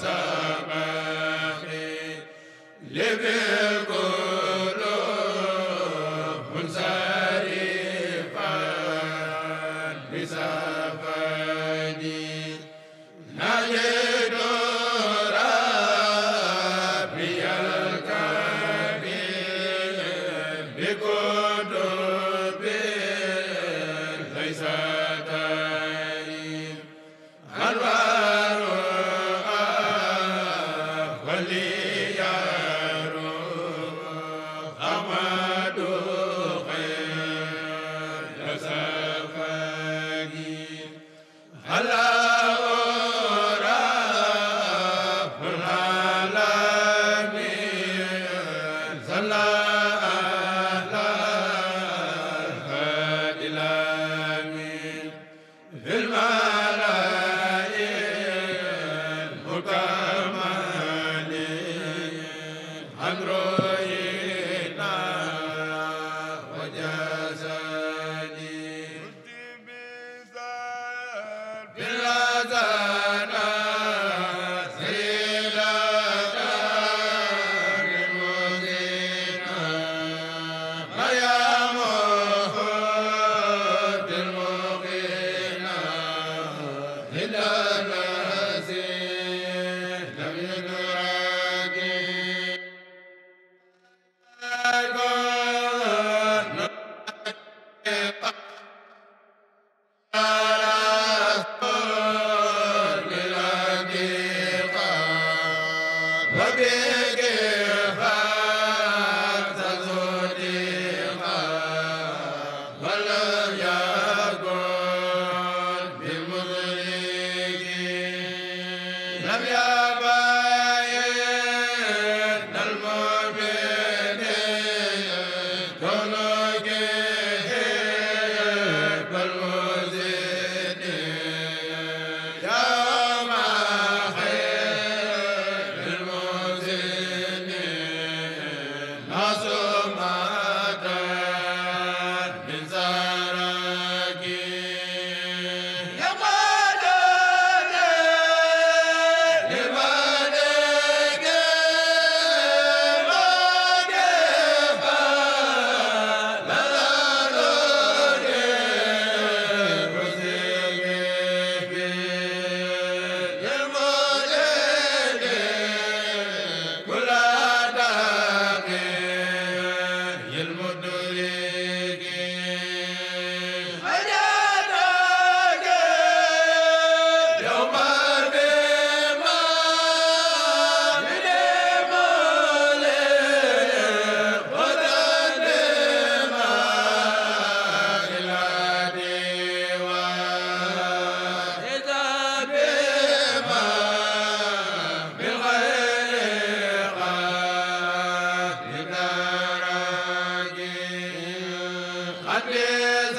sa ade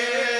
Amen.